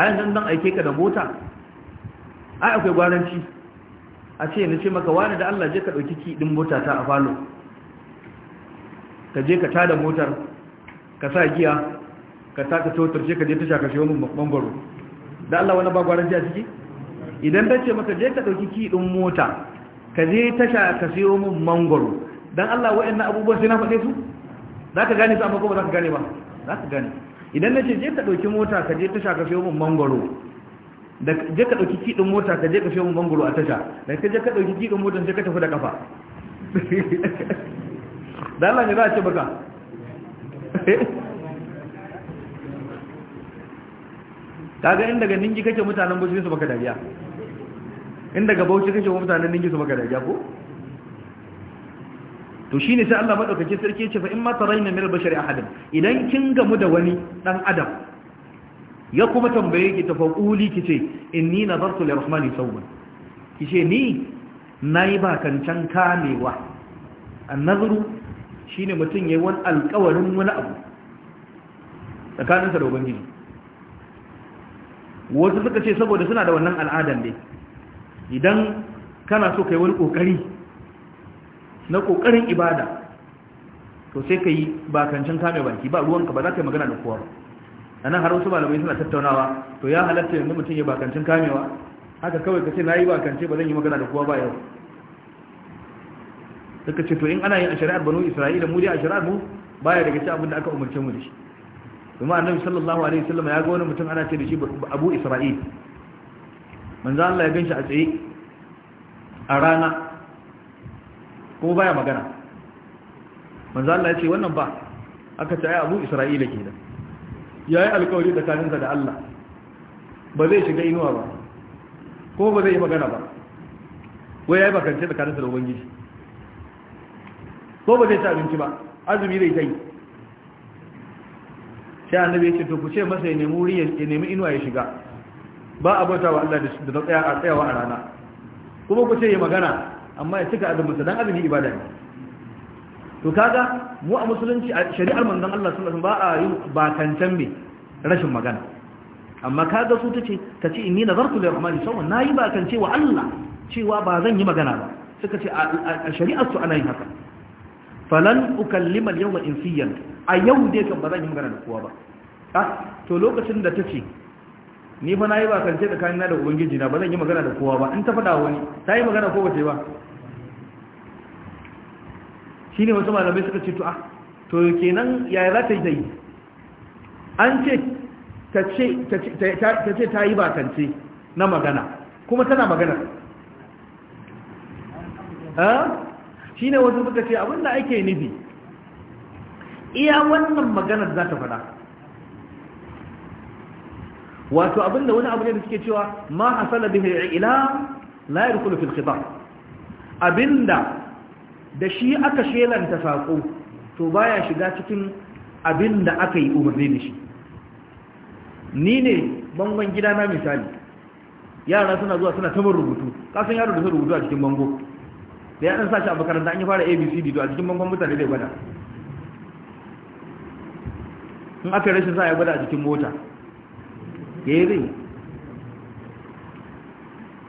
a yanzu dan aike ka da mota ai akwai gwaranci a ce na ce maka wani da Allah je ka ɗauki kiɗin mota ta a falo ka je ka tada motar ka sa giya ka taka totar ce ka je tasha ka shi wani mangwaro da Allah wani ba gwaranci a ciki idan ta ce maka je ka ɗauki kiɗin mota ka je tasha ka siyo min mangwaro don Allah na abubuwan sai na faɗe su za ka gane su amma kuma za ka gane ba za ka gane idan na ce je ka ɗauki mota ka je tasha ka siyo min mangwaro da je ka dauki kidin mota ka je ka shehu mangoro a tasha da ka je ka dauki kidin mota sai ka tafi da kafa da Allah ne za a ce baka kaga inda ga ningi kake mutanen bauchi su baka dariya Inda ga bauchi kake mutanen ningi su baka dariya ko to shine sai Allah madaukake sarki ya ce fa in ma tarayna min al-bashari ahadan idan kin gamu da wani dan adam ya kuma tambaye ki tafaquli kice inni li rahmani sawman kice ni nayi ba kancan kamewa annazru shine mutun yayi wani alƙawarin wani abu tsakaninsa da ubangiji wasu suka ce saboda suna da wannan al'adan ne idan kana so kai wani kokari na kokarin ibada to sai kai ba kancan kame baki ba ruwanka ba za ka yi magana da kowa ba a nan har wasu malamai suna tattaunawa to ya halatta yanzu mutum ya bakancin kamewa haka kawai ka ce na yi bakance ba zan yi magana da kowa ba yau suka ce to in ana yin a shari'ar banu isra'ila mu dai a shari'ar mu baya daga ci abin da aka umarce mu da shi kuma annabi sallallahu alaihi wasallam ya ga wani mutum ana ce da shi abu isra'il manzo Allah ya ganshi a tsaye a rana ko baya magana manzo Allah ya ce wannan ba aka ce ai abu isra'ila kenan ya yi alkawari tsakaninsa da Allah ba zai shiga inuwa ba ko ba zai yi magana ba wai ya yi bakance tsakaninsa da ubangiji ko ba zai ci abinci ba azumi zai ta yi sai annabi ya ce to ku ce masa ya nemi wuri ya nemi inuwa ya shiga ba a bauta wa Allah da tsaya a tsayawa a rana kuma ku ce ya magana amma ya cika azumin sa dan azumi ibada ne to kaga mu a musulunci a shari'ar manzon Allah sallallahu alaihi wasallam ba a yi bakantan me rashin magana amma kaga su tace tace inni nazartu lirrahmani sawwan nayi bakance wa Allah cewa ba zan yi magana ba suka ce a shari'ar su ana yin haka falan ukallima al-yawma insiyan a yau dai kan ba zan yi magana da kowa ba ah to lokacin da tace ni fa nayi bakance tsakanina da ubangiji na ba zan yi magana da kowa ba in ta fada wani ta yi magana ko ba ta yi ba shi ne wasu malamai suka ce tu'a ah, to kenan yaya za ta yi zai an ce ta ce ta yi bakance na magana kuma tana magana shi ne wasu suka ce abinda ake nufi iya wannan maganar za ta fada wato abinda wani abu ne da suke cewa ma hasala da ila la yadkhulu fil abinda da shi aka shelanta saƙo to baya shiga cikin abin da aka yi umarni da shi ni ne bangon gidana misali yara suna zuwa suna tabar rubutu kasan yaro da su rubutu a cikin bango da ya ɗan sace a makaranta an yi fara abcd to a cikin bangon mutane zai gwada in aka rashin sa ya gwada a cikin mota ya yi zai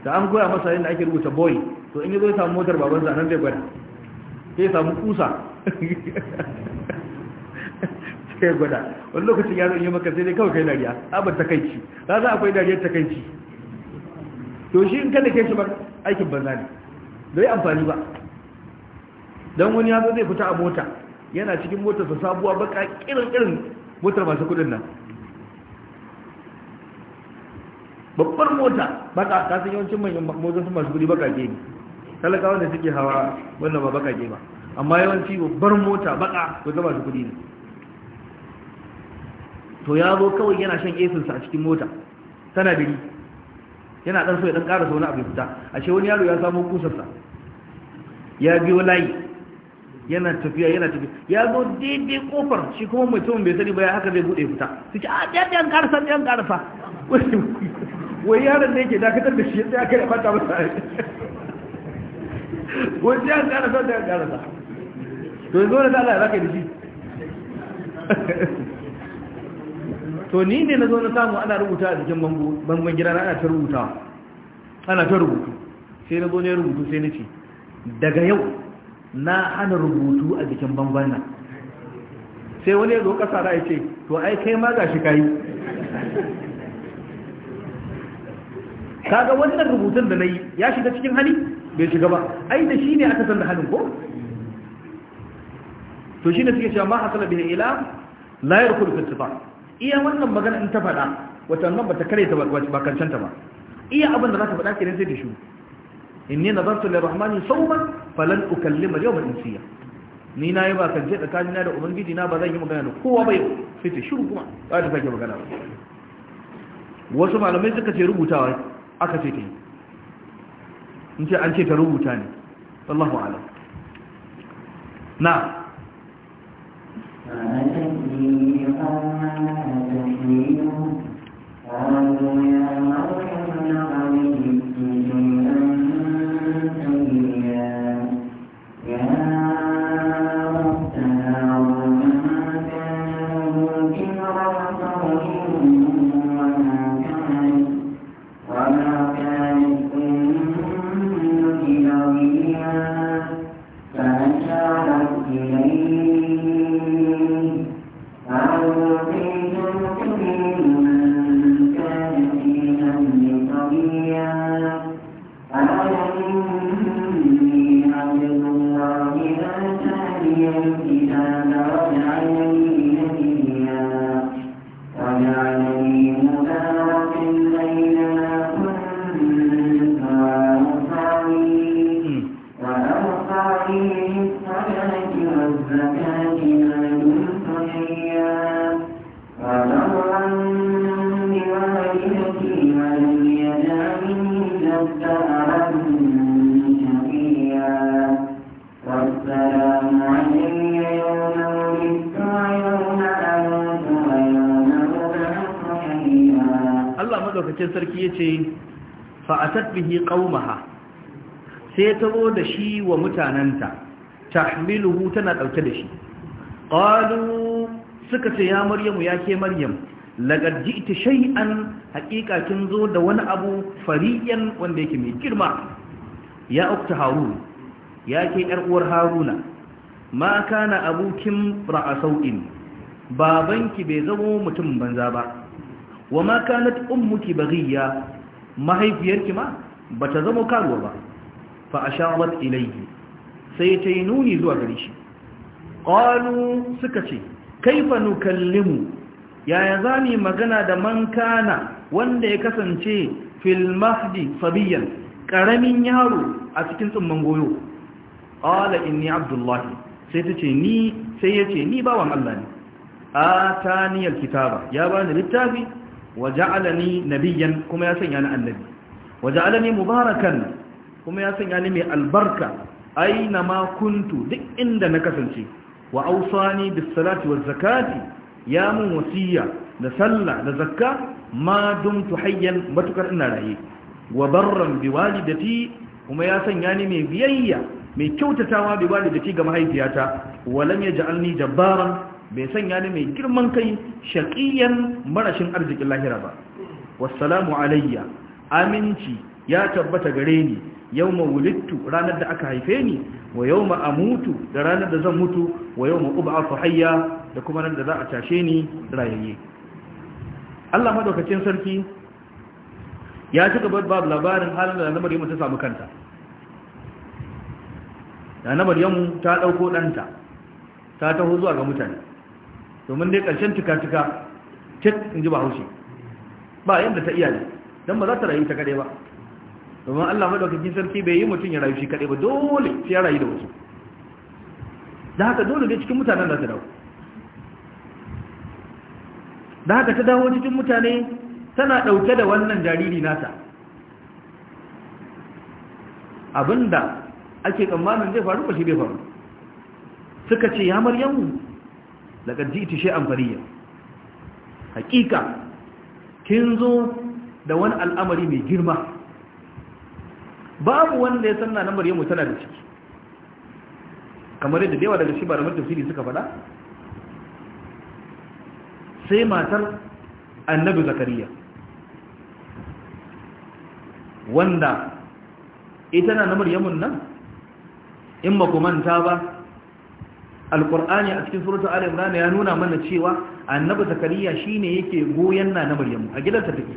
da an goya masa yin da ake rubuta boy to in yi zai samu motar babansa nan zai gwada sai samu kusa sai gwada wani lokacin ya zan yi maka sai dai kawai kai dariya abin takaici za za akwai dariyar takaici to shi in kada ke shi ba aikin banza ne ya amfani ba don wani zo zai fita a mota yana cikin motar sa sabuwa baka irin irin motar masu kudin nan babbar mota baka kasan yawancin manyan motsin masu kudi baka ke ne talakawa da suke hawa wannan ba baka ba amma yawanci babbar mota baka ko zama da kudi ne to ya zo kawai yana shan esinsa a cikin mota tana biri yana dan so ya dan ƙara wani abu fita ashe wani yaro ya samu sa ya biyo layi yana tafiya yana tafiya ya zo daidai kofar shi kuma mutum bai sani ba ya haka zai bude fita su ce a ah, ɗan ɗan ƙarasa ɗan ƙarasa wai yaron da yake dakatar da shi yadda ya kai da fata masa wajen karasa da karasa to yanzu wani Allah za ka yi da shi to ni ne na zo na samu ana rubuta a jikin bangon gida na ana ta rubuta ana ta rubutu sai na zo ne rubutu sai na ce daga yau na hana rubutu a jikin bangon nan sai wani ya zo kasa da ya ce to ai kai ma gashi kayi kaga wannan rubutun da na yi ya shiga cikin hali bai shiga ba ai da shine aka san da halin ko to shi ne suke cewa ma hasala bihi ila la yarkul fi ittifaq iya wannan magana in ta faɗa, wata nan bata kare ta ba ta ba iya abin da za ta fada kenan sai ta shiru inni nazartu lirrahmani sawman falan ukallima al-yawma insiya ni na yi ba kan je tsakanin na da ubangiji na ba zan yi magana da kowa ba yau sai ta shiru kuma ba ta sake magana ba wasu malamai suka ce rubutawa aka ce ta yi in ce an ce ta rubuta ne wallahu alam na mutananta tahmiluhu tana dauke da shi qalu suka ce ya maryamu ya ke maryam laqad ji'ti shay'an haqiqa kin zo da wani abu fariyan wanda yake mai girma ya ukta harun ya ke yar uwar haruna ma kana abukin ra'a babanki bai zamo mutum banza ba wa ma kanat ummuki baghiya mahaifiyarki ma bata zama karuwa ba fa asharat ilayhi sai ta yi nuni zuwa gari shi qalu suka ce kaifa nukallimu yaya za mu magana da mankana wanda ya kasance fil mahdi sabiyan yaro a cikin tsumman goyo qala inni abdullahi sai ta ce ni sai ya ce ni bawan Allah ne atani alkitaba ya bani littafi waja'alani nabiyyan kuma ya sanya ni annabi alani mubarakan kuma ya sanya ni mai albarka aina ma kuntu duk inda na kasance wa ausani bis salati waz zakati ya mun wasiya da sallah da zakka ma dumtu hayyan matukar ina raye wa barran bi walidati kuma ya sanya ni mai biyayya mai kyautatawa bi walidati ga mahaifiyata wa lam yaj'alni jabbaran bai sanya ni mai girman kai shaqiyan marashin arzikin lahira ba wassalamu alayya aminci ya tabbata gare ni yau wulittu ranar da aka haife ni wa yau amutu da ranar da zan mutu wa yau ma'uba'afu hayya da kuma ranar da za a cashe ni rayayye Allah madaukacin sarki ya ci gaba babu labarin halin da na Maryamu ta samu kanta da na ta dauko danta ta taho zuwa ga mutane domin dai karshen tuka-tuka tik in ji ba haushe ba yadda ta iya ne don ba za ta rayu ta kaɗai ba domin Allah maɗaukakin sarki bai yi mutum ya rayu shi kaɗai ba dole sai ya rayu da wasu da haka dole ne cikin mutanen da su dawo da haka ta dawo cikin mutane tana ɗauke da wannan jariri nata abinda ake tsammanin zai faru ba shi bai faru suka ce ya maryamu daga jiti shi amfariya hakika kin zo da wani al'amari mai girma babu wanda ya san na maryamu tana da ciki kamar yadda yawa daga shi ba ramar tafsiri suka faɗa sai matar annabi zakariya wanda ita na maryamun nan in ba ku manta ba alkur'ani a cikin surutu al'imrana ya nuna mana cewa annabi zakariya shine yake goyon na na maryamu a gidansa take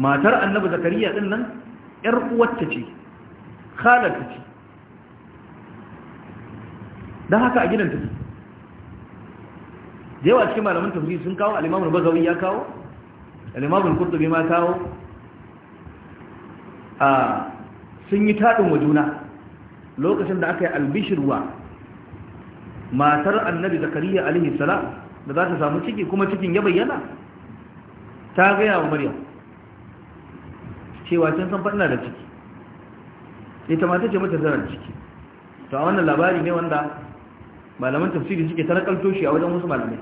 matar annabi zakariya din nan yar uwarta ce khalarta ce dan haka a gidan ta da yawa cikin malaman tafsir sun kawo al-Imam al-Bazawi ya kawo al-Imam al-Qurtubi ma kawo a sun yi tadin wa juna lokacin da aka yi albishirwa matar annabi zakariya alaihi salam da za ta samu ciki kuma cikin ya bayyana ta gaya wa maryam cewa kin san faɗina da ciki ita mata ce mata tana da ciki to a wannan labari ne wanda malaman tafsiri suke nakalto shi a wajen wasu malamai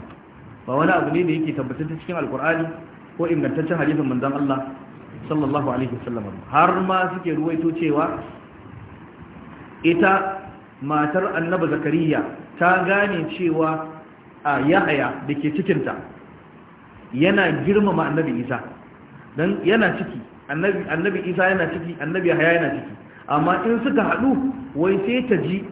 ba wani abu ne da yake tabbatar cikin alkur'ani ko ingantaccen hadisin manzon Allah sallallahu alaihi wasallam har ma suke ruwaito cewa ita matar annabi zakariya ta gane cewa a yahaya da ke cikinta yana girmama annabi isa dan yana ciki annabi isa yana ciki annabi haya yana ciki amma in suka haɗu wai sai ta ji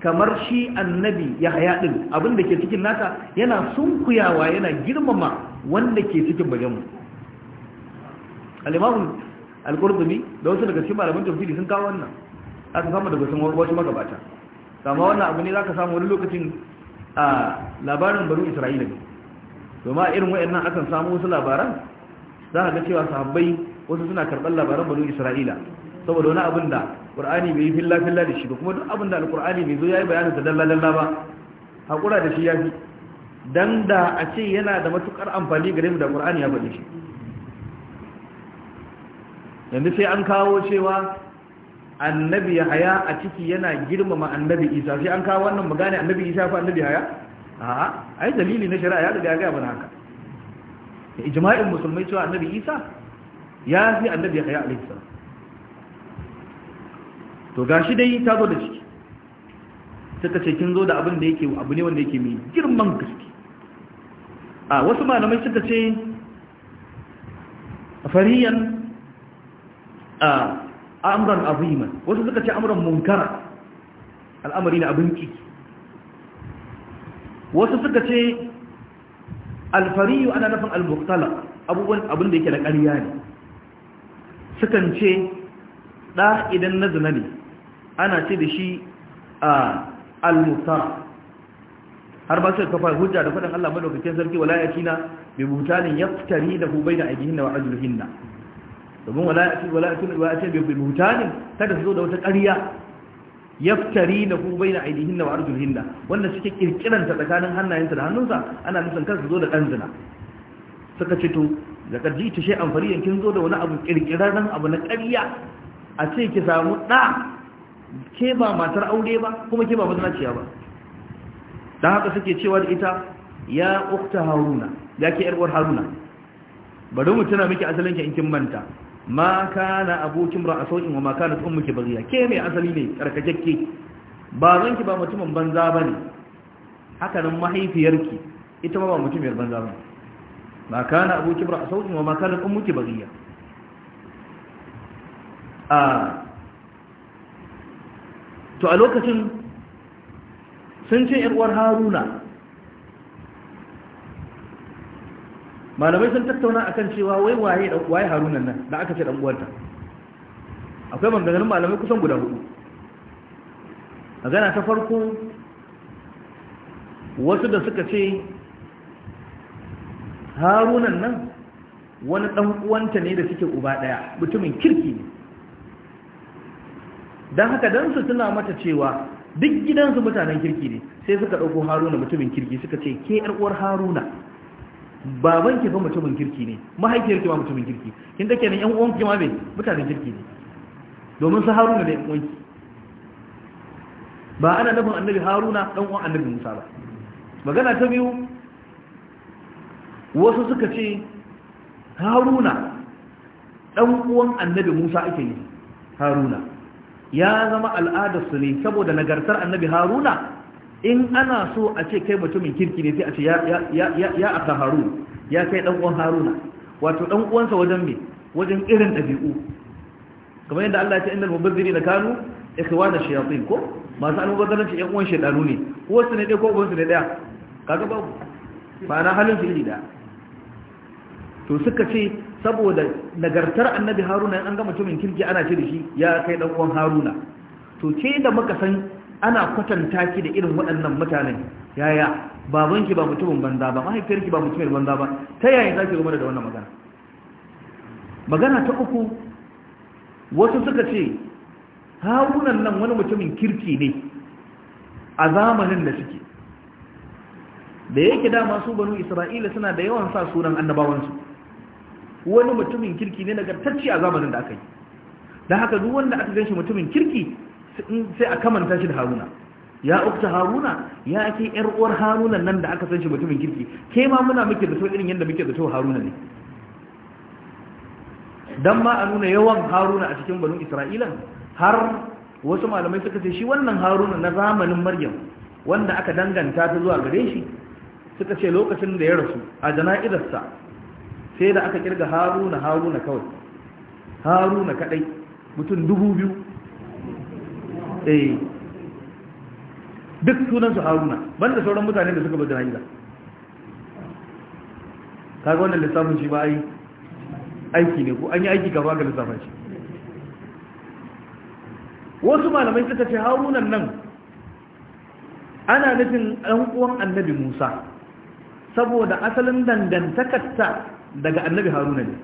kamar shi annabi ya haya ɗin da ke cikin nata yana sunkuyawa yana girmama wanda ke cikin bagenmu alimamun alkurdubi da wasu daga cikin malamin tafsiri sun kawo wannan za ka samu daga samuwar wasu magabata sama wannan abu ne za ka samu wani lokacin a labarin baru isra'ila ne domin irin wayannan akan samu wasu labaran za ka ga cewa sahabbai wasu suna karɓar labaran banu isra'ila saboda wani abin da qur'ani bai yi filla filla da shi ba kuma duk abin da Al-Qur'ani bai zo yayi bayanin sa dalla dalla ba hakura da shi yafi dan da a ce yana da matukar amfani gare mu da qur'ani ya faɗi shi yanzu sai an kawo cewa annabi haya a ciki yana girmama annabi isa sai an kawo wannan magana annabi isa fa annabi haya a'a ai dalili na shari'a ya riga ya gaya mana haka ijma'in musulmai cewa annabi isa ya fi annabi ya kai salam to gashi dai ta zo da ciki suka ce kin zo da abin da yake abu ne wanda yake mai girman gaske a wasu malamai suka ce fariyan a amran aziman wasu suka ce amran munkara al'amari na abin ciki wasu suka ce alfariyu ana nufin al-muqtala abubuwan abin da yake da ƙarya ne sukan ce ɗa idan na zina ne ana ce da shi a almutar har ba su da kafa hujja da faɗin Allah madaukakin sarki wala ya tina bi butanin yaftari da hubai da ajihinna wa azluhinna domin wala ya tina wala ya tina ya ce kada su zo da wata ƙarya yaftari da ku bai da ajihinna wa azluhinna wanda suke kirkiranta tsakanin hannayensa da hannunsa ana nufin su zo da ɗan zina suka ce to laqad ta shay'an amfari yankin zo da wani abu kirkirarren abu na ƙarya a ce ki samu da ke ba matar aure ba kuma ke ba mazinaciya ba dan haka suke cewa da ita ya ukta haruna ya ke yar uwar haruna bari mu tana miki asalin ki in kin manta ma kana abokin ra'a sau'in wa ma kanat muke bariya. ke mai asali ne karkakekke ba zanki ba mutumin banza bane haka nan mahaifiyarki ita ma ba mutumiyar banza bane ma kana abu kibra a sautin wa ma kana ummu kibariya a to a lokacin sun ce uwar haruna malamai sun tattauna akan cewa wai waye waye haruna nan da aka ce dan uwarta akwai maganganun malamai kusan guda hudu magana ta farko wasu da suka ce harunan nan wani ɗan uwanta ne da suke uba ɗaya mutumin kirki ne don haka don su tuna mata cewa duk gidansu mutanen kirki ne sai suka ɗauko haruna mutumin kirki suka ce ke uwar haruna baban ke fa mutumin kirki ne mahaifiyar ke ma mutumin kirki kin take kenan yan uwan ki ma mutanen kirki ne domin su haruna ne uwan ba ana nufin annabi haruna dan uwan annabi musa ba magana ta biyu wasu suka ce haruna ɗan uwan annabi musa ake yi haruna ya zama al'adarsu ne saboda nagartar annabi haruna in ana so a ce kai mutumin kirki ne sai a ce ya aka haruna ya kai ɗan uwan haruna wato ɗan uwansa wajen me wajen irin ɗabi'u kamar yadda Allah ce inda mabar innal mubazzirina kanu da shayatin ko masu almubazzaranci ƴan uwan shaidanu ne uwarsu ne ɗaya ko ubansu ne ɗaya kaga babu ba na halin su iri ɗaya to suka ce saboda nagartar annabi haruna an ga mutumin kirki ana ce da shi ya kai ɗan haruna to ce da muka san ana kwatanta ki da irin waɗannan mutanen yaya babanki ba mutumin banza ba mahaifiyarki ba mutumin banza ba ta yaya za ki da wannan magana magana ta uku wasu suka ce harunan nan wani mutumin kirki ne a zamanin da suke da yake dama su banu isra'ila suna da yawan sa sunan annabawansu wani mutumin kirki ne nagartacci a zamanin da aka yi don haka duk wanda aka gan shi mutumin kirki sai a kamanta shi da haruna ya ukta haruna ya ke yar uwar haruna nan da aka san shi mutumin kirki ke ma muna muke da so irin yadda muke da so haruna ne Don ma a nuna yawan haruna a cikin banu isra'ilan har wasu malamai suka ce shi wannan haruna na zamanin maryam wanda aka danganta ta zuwa gare shi suka ce lokacin da ya rasu a jana'izarsa sai da aka kirga haruna haruna kawai haruna kadai mutum dubu biyu eh duk sunansu haruna banda sauran mutane da suka bada hanya kaga wannan lissafin shi ba ai aiki ne ko an yi aiki gaba ga lissafin shi wasu malamai suka ce harunan nan ana nufin ɗan uwan annabi musa saboda asalin ta daga annabi haruna ne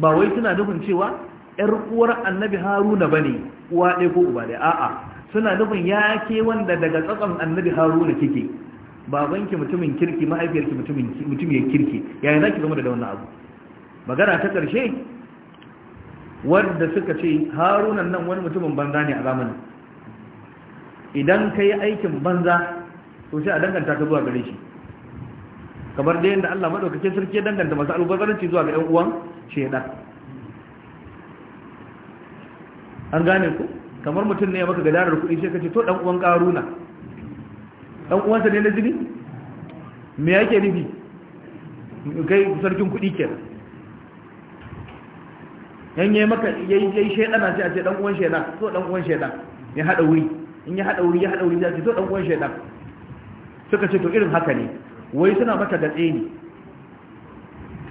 ba wai suna nufin cewa ‘yar uwar annabi haruna ba ne uwa ɗaya ko uba ɗaya a'a suna nufin ya ke wanda daga tsatson annabi haruna kike babanki mutumin kirki mahaifiyarki mutum kirki yaya za ki zama da wannan abu magana ta ƙarshe wadda suka ce harunan nan wani mutumin banza ne a zamanin idan ka yi aikin banza to sai a danganta ka zuwa gare shi kamar da yadda Allah maɗaukake sarki ya danganta masu albazaranci zuwa ga 'yan uwan shaidan an gane ku kamar mutum ne ya maka gadarar kuɗi sai ka ce to ɗan'uwan ƙaru ƙaruna ɗan'uwansa ne na jini me yake nufi kai sarkin kuɗi ke yan yi maka yayi shaidana ce a ce ɗan'uwan shaida, shaidan to ɗan'uwan shaida. shaidan ya haɗa wuri in ya haɗa wuri ya haɗa wuri ya ce to ɗan'uwan shaida. shaidan suka ce to irin haka ne wai suna mata gatse ne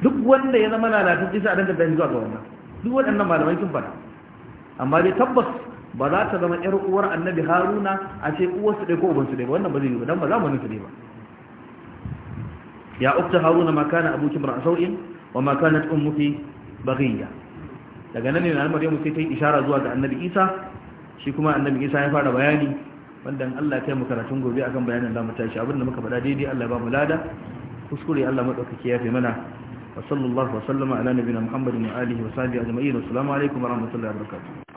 duk wanda ya zama lalatun isa a dan da zuwa ga wannan duk waɗannan malamai sun faɗa amma dai tabbas ba za ta zama ƴar uwar annabi haruna a ce uwarsu ɗaya ko ubansu ba wannan ba zai yi ba dan ba za su nufi ba ya ukta haruna ma kana abuki a sau'in wa ma kanat ummuki baghiya daga nan ne na almaryamu sai ta yi ishara zuwa ga annabi isa shi kuma annabi isa ya fara bayani wanda Allah ya kai mu karatun gobe akan bayanin da mu tashi abin da muka faɗa daidai Allah ya ba mu lada kuskure Allah madaukake ya fi mana wa sallallahu wa sallama ala nabiyina Muhammadin wa alihi wa sahbihi ajma'in assalamu alaikum wa rahmatullahi wa barakatuh